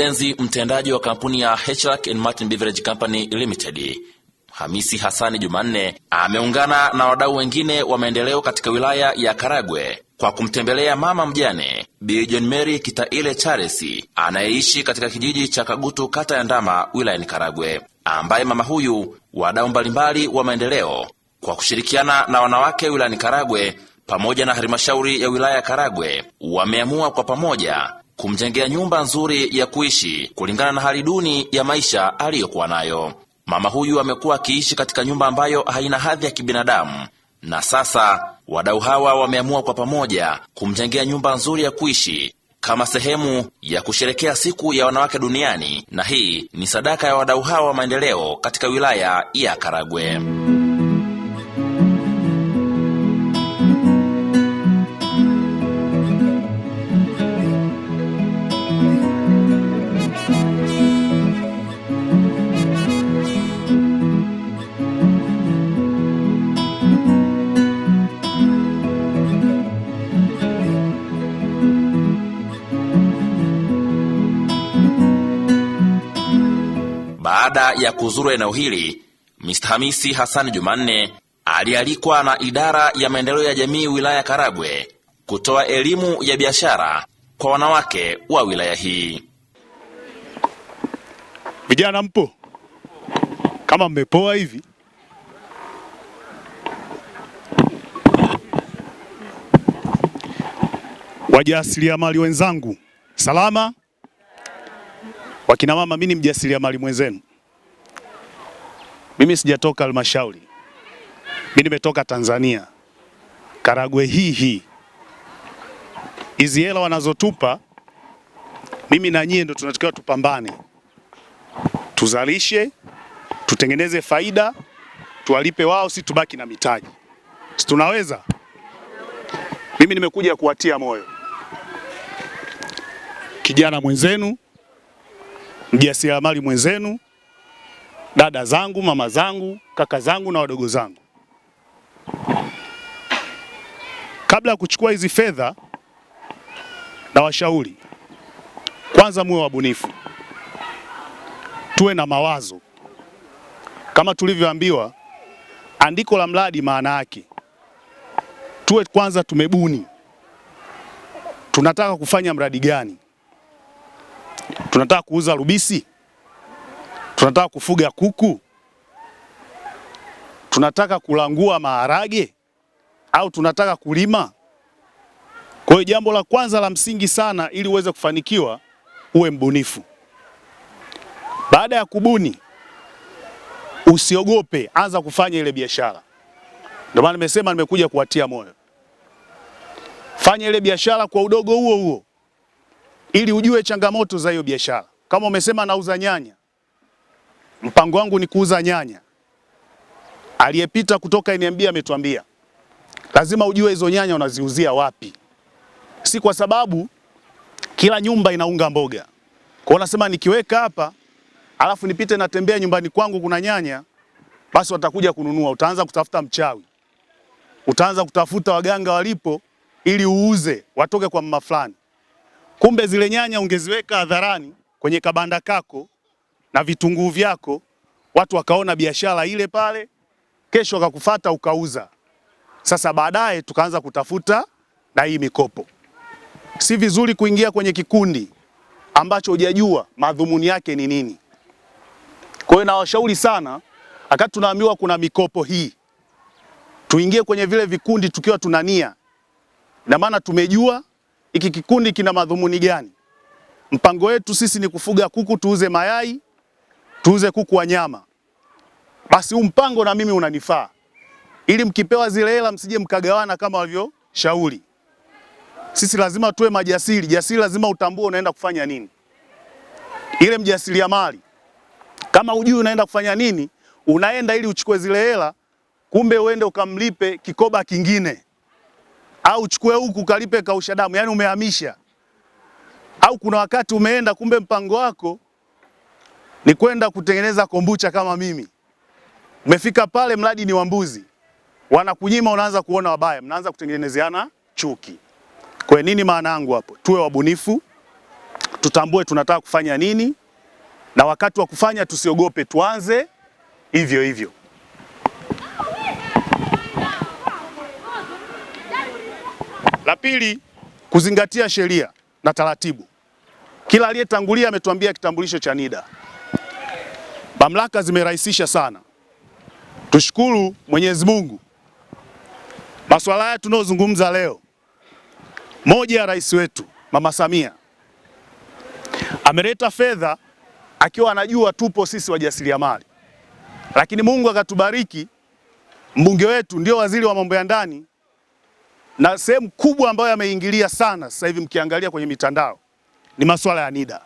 Mkurugenzi mtendaji wa kampuni ya HLAC and Martin Beverage Company Limited Hamisi Hasani Jumanne ameungana na wadau wengine wa maendeleo katika wilaya ya Karagwe kwa kumtembelea mama mjane Bi John Mary Kitaile charles anayeishi katika kijiji cha Kagutu kata ya Ndama wilayani Karagwe, ambaye mama huyu, wadau mbalimbali wa maendeleo kwa kushirikiana na wanawake wilayani Karagwe pamoja na halmashauri ya wilaya ya Karagwe wameamua kwa pamoja kumjengea nyumba nzuri ya kuishi kulingana na hali duni ya maisha aliyokuwa nayo. Mama huyu amekuwa akiishi katika nyumba ambayo haina hadhi ya kibinadamu, na sasa wadau hawa wameamua kwa pamoja kumjengea nyumba nzuri ya kuishi kama sehemu ya kusherekea siku ya wanawake duniani, na hii ni sadaka ya wadau hawa wa maendeleo katika wilaya ya Karagwe. Baada ya kuzuru eneo hili, Mr. Hamisi Hassan Jumanne alialikwa na idara ya maendeleo ya jamii wilaya Karagwe kutoa elimu ya biashara kwa wanawake wa wilaya hii. Vijana mpo? Kama mmepoa hivi wajasiriamali wenzangu, salama? wakinamama mi mimi ni mjasiriamali mwenzenu. Mimi sijatoka halmashauri, mimi nimetoka Tanzania, Karagwe hii hii. Hizi hela wanazotupa mimi na nyie, ndo tunatakiwa tupambane, tuzalishe, tutengeneze faida, tuwalipe wao, si tubaki na mitaji, si tunaweza? Mimi nimekuja kuwatia moyo kijana mwenzenu, mjasiriamali mwenzenu dada zangu, mama zangu, kaka zangu na wadogo zangu. Kabla ya kuchukua hizi fedha, na washauri kwanza, muwe wabunifu, tuwe na mawazo. Kama tulivyoambiwa, andiko la mradi, maana yake tuwe kwanza tumebuni, tunataka kufanya mradi gani? Tunataka kuuza rubisi Tunataka kufuga kuku? Tunataka kulangua maharage au tunataka kulima? Kwa hiyo jambo la kwanza la msingi sana ili uweze kufanikiwa uwe mbunifu. Baada ya kubuni, usiogope, anza kufanya ile biashara. Ndio maana nimesema nimekuja kuwatia moyo, fanya ile biashara kwa udogo huo huo, ili ujue changamoto za hiyo biashara. Kama umesema nauza nyanya, mpango wangu ni kuuza nyanya. Aliyepita kutoka niambia, ametuambia lazima ujue hizo nyanya unaziuzia wapi, si kwa sababu kila nyumba inaunga mboga. Kwa unasema nikiweka hapa alafu nipite natembea nyumbani kwangu kuna nyanya, basi watakuja kununua. Utaanza kutafuta mchawi, utaanza kutafuta waganga walipo, ili uuze watoke kwa mama fulani. Kumbe zile nyanya ungeziweka hadharani kwenye kabanda kako na vitunguu vyako, watu wakaona biashara ile pale, kesho wakakufata ukauza. Sasa baadaye tukaanza kutafuta na hii mikopo. Si vizuri kuingia kwenye kikundi ambacho hujajua madhumuni yake ni nini. Kwa hiyo nawashauri sana, wakati tunaambiwa kuna mikopo hii, tuingie kwenye vile vikundi tukiwa tuna nia, ina maana tumejua hiki kikundi kina madhumuni gani. Mpango wetu sisi ni kufuga kuku tuuze mayai tuuze kuku wa nyama, basi huu mpango na mimi unanifaa, ili mkipewa zile hela msije mkagawana kama walivyoshauri. Sisi lazima tuwe majasiri. Jasiri lazima utambue unaenda kufanya nini. Ile mjasiriamali kama hujui unaenda kufanya nini, unaenda ili uchukue zile hela, kumbe uende ukamlipe kikoba kingine, au uchukue huku ukalipe kausha damu, yani umehamisha. Au kuna wakati umeenda, kumbe mpango wako ni kwenda kutengeneza kombucha kama mimi. Umefika pale, mradi ni wambuzi, wanakunyima, unaanza kuona wabaya, mnaanza kutengenezeana chuki. Kwa nini? Maana yangu hapo, tuwe wabunifu, tutambue tunataka kufanya nini, na wakati wa kufanya tusiogope, tuanze hivyo hivyo. La pili, kuzingatia sheria na taratibu. Kila aliyetangulia ametuambia kitambulisho cha NIDA. Mamlaka zimerahisisha sana, tushukuru Mwenyezi Mungu. Masuala haya tunayozungumza leo, moja ya rais wetu Mama Samia ameleta fedha akiwa anajua tupo sisi wajasiriamali, lakini Mungu akatubariki, mbunge wetu ndio waziri wa mambo ya ndani na sehemu kubwa ambayo ameingilia sana sasa hivi mkiangalia kwenye mitandao ni masuala ya NIDA.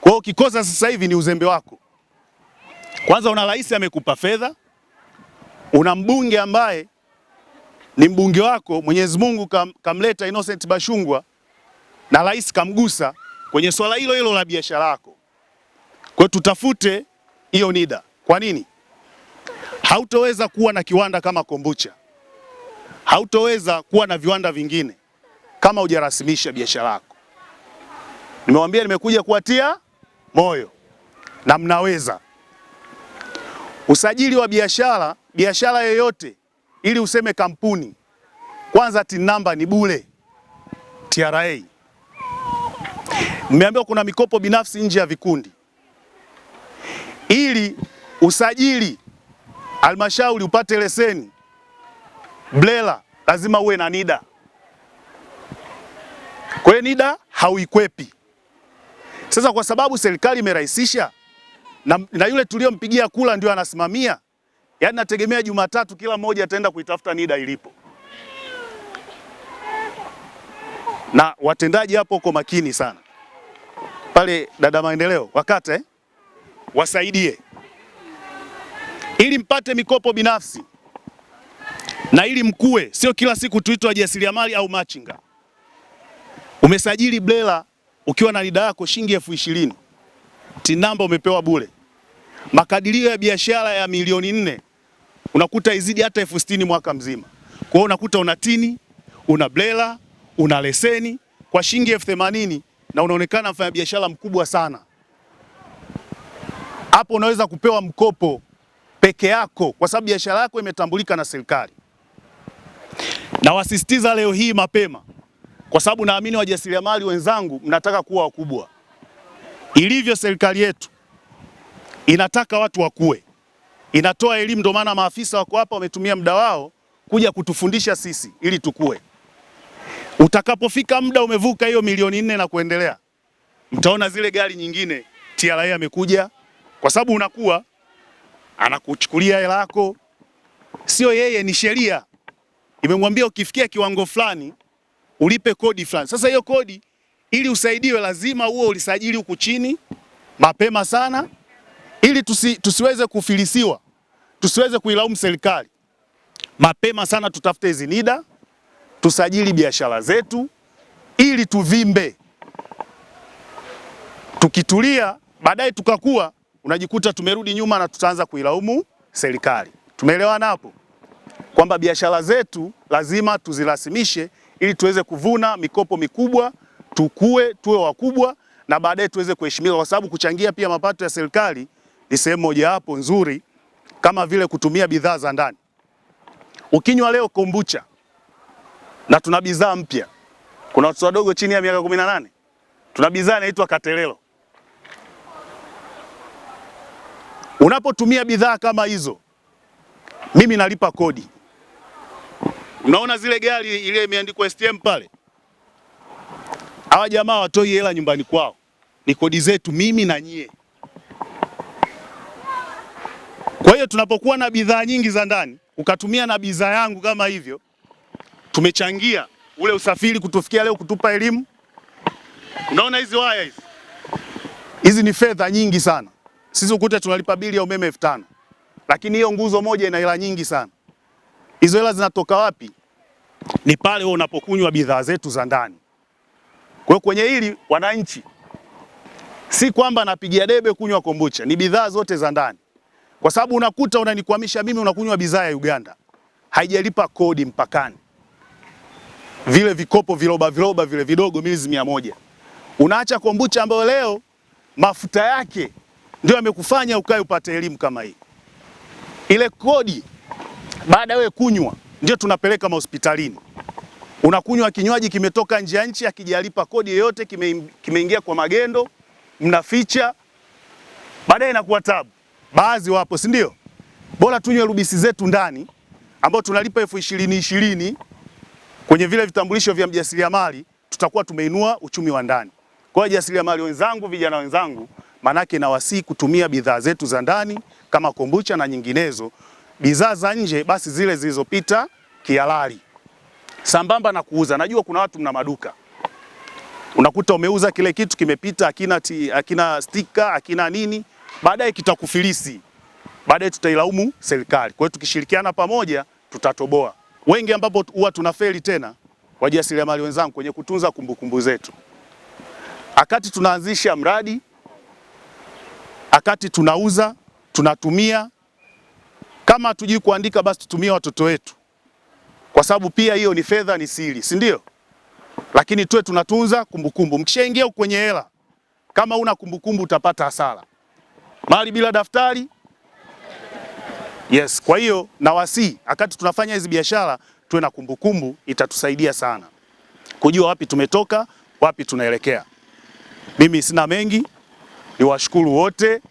Kwa hiyo ukikosa sasa hivi ni uzembe wako. Kwanza una rais amekupa fedha, una mbunge ambaye ni mbunge wako, Mwenyezi Mungu kam, kamleta Innocent Bashungwa na rais kamgusa kwenye swala hilo hilo la biashara yako. Kwa tutafute hiyo NIDA. Kwa nini hautoweza kuwa na kiwanda kama kombucha? Hautoweza kuwa na viwanda vingine kama hujarasimisha biashara yako. Nimewambia nimekuja kuwatia moyo na mnaweza. Usajili wa biashara, biashara yoyote ili useme kampuni, kwanza TIN namba ni bure TRA. Mmeambiwa kuna mikopo binafsi nje ya vikundi. Ili usajili halmashauri upate leseni BRELA, lazima uwe na NIDA. Kwa hiyo NIDA hauikwepi. Sasa kwa sababu serikali imerahisisha na, na yule tuliyompigia kula ndio anasimamia. Yaani nategemea Jumatatu kila mmoja ataenda kuitafuta NIDA ilipo, na watendaji hapo uko makini sana pale. Dada maendeleo wakate eh? wasaidie ili mpate mikopo binafsi na ili mkue, sio kila siku jasiria mali au machinga. Umesajili blela ukiwa na NIDA yako shilingi elfu ishirini Tinamba umepewa bure. Makadirio ya biashara ya milioni nne unakuta izidi hata elfu sitini mwaka mzima. Kwa hiyo unakuta una tini, una blela, una leseni kwa shilingi elfu themanini na unaonekana mfanya biashara mkubwa sana. Hapo unaweza kupewa mkopo peke yako kwa sababu biashara yako imetambulika na serikali. Na wasisitiza leo hii mapema, kwa sababu naamini wajasiriamali wenzangu mnataka kuwa wakubwa. Ilivyo serikali yetu inataka watu wakue, inatoa elimu. Ndio maana maafisa wako hapa wametumia muda wao kuja kutufundisha sisi ili tukue. Utakapofika muda umevuka hiyo milioni nne na kuendelea, mtaona zile gari nyingine TRA amekuja, kwa sababu unakuwa anakuchukulia hela yako, sio yeye, ni sheria imemwambia ukifikia kiwango fulani ulipe kodi fulani. Sasa hiyo kodi ili usaidiwe lazima uwe ulisajili huku chini mapema sana, ili tusi, tusiweze kufilisiwa, tusiweze kuilaumu serikali. Mapema sana tutafute hizi NIDA tusajili biashara zetu ili tuvimbe. Tukitulia baadaye tukakua, unajikuta tumerudi nyuma na tutaanza kuilaumu serikali. Tumeelewana hapo kwamba biashara zetu lazima tuzirasimishe ili tuweze kuvuna mikopo mikubwa tukue tuwe wakubwa na baadaye tuweze kuheshimika, kwa sababu kuchangia pia mapato ya serikali ni sehemu mojawapo nzuri, kama vile kutumia bidhaa za ndani. Ukinywa leo kombucha na tuna bidhaa mpya, kuna watoto wadogo chini ya miaka 18 tuna bidhaa inaitwa Katelelo. Unapotumia bidhaa kama hizo, mimi nalipa kodi. Unaona zile gari ile imeandikwa STM pale hawa jamaa watoi hela nyumbani kwao, ni kodi zetu mimi na nyie. Kwa hiyo tunapokuwa na bidhaa nyingi za ndani, ukatumia na bidhaa yangu kama hivyo, tumechangia ule usafiri kutufikia leo, kutupa elimu. Unaona hizi waya hizi, hizi ni fedha nyingi sana. Sisi ukuta tunalipa bili ya umeme elfu tano lakini hiyo nguzo moja ina hela nyingi sana. Hizo hela zinatoka wapi? Ni pale wewe unapokunywa bidhaa zetu za ndani. Kwa kwenye hili wananchi, si kwamba napigia debe kunywa kombucha, ni bidhaa zote za ndani, kwa sababu unakuta unanikwamisha mimi, unakunywa bidhaa ya Uganda haijalipa kodi mpakani, vile vikopo viroba viroba vile vidogo milizi mia moja, unaacha kombucha ambayo leo mafuta yake ndio yamekufanya ukae upate elimu kama hii. Ile kodi baada ya wewe kunywa ndio tunapeleka mahospitalini. Unakunywa kinywaji kimetoka nje ya nchi, akijalipa kodi yoyote, kimeingia kime kwa magendo, mnaficha, baadaye inakuwa tabu. Baadhi wapo, si ndio? Bora tunywe rubisi zetu ndani ambao tunalipa elfu ishirini ishirini kwenye vile vitambulisho vya mjasiriamali, tutakuwa tumeinua uchumi wa ndani. Kwa hiyo jasiriamali wenzangu, vijana wenzangu, maanake nawasihi kutumia bidhaa zetu za ndani kama kombucha na nyinginezo. Bidhaa za nje basi zile zilizopita kihalali sambamba na kuuza. Najua kuna watu mna maduka unakuta umeuza kile kitu kimepita, akina akina stika akina nini, baadaye kitakufilisi, baadaye tutailaumu serikali. Kwa hiyo tukishirikiana pamoja tutatoboa wengi, ambapo huwa tunafeli tena, wajasiriamali wenzangu, kwenye kutunza kumbukumbu zetu, akati tunaanzisha mradi, akati tunauza, tunatumia. Kama hatujui kuandika, basi tutumie watoto wetu kwa sababu pia hiyo ni fedha, ni siri, si ndio? Lakini tuwe tunatunza kumbukumbu. Mkishaingia kwenye hela, kama una kumbukumbu utapata hasara. Mali bila daftari, yes. Kwa hiyo nawasii, wakati tunafanya hizi biashara tuwe na kumbukumbu, itatusaidia sana kujua wapi tumetoka, wapi tunaelekea. Mimi sina mengi, niwashukuru wote.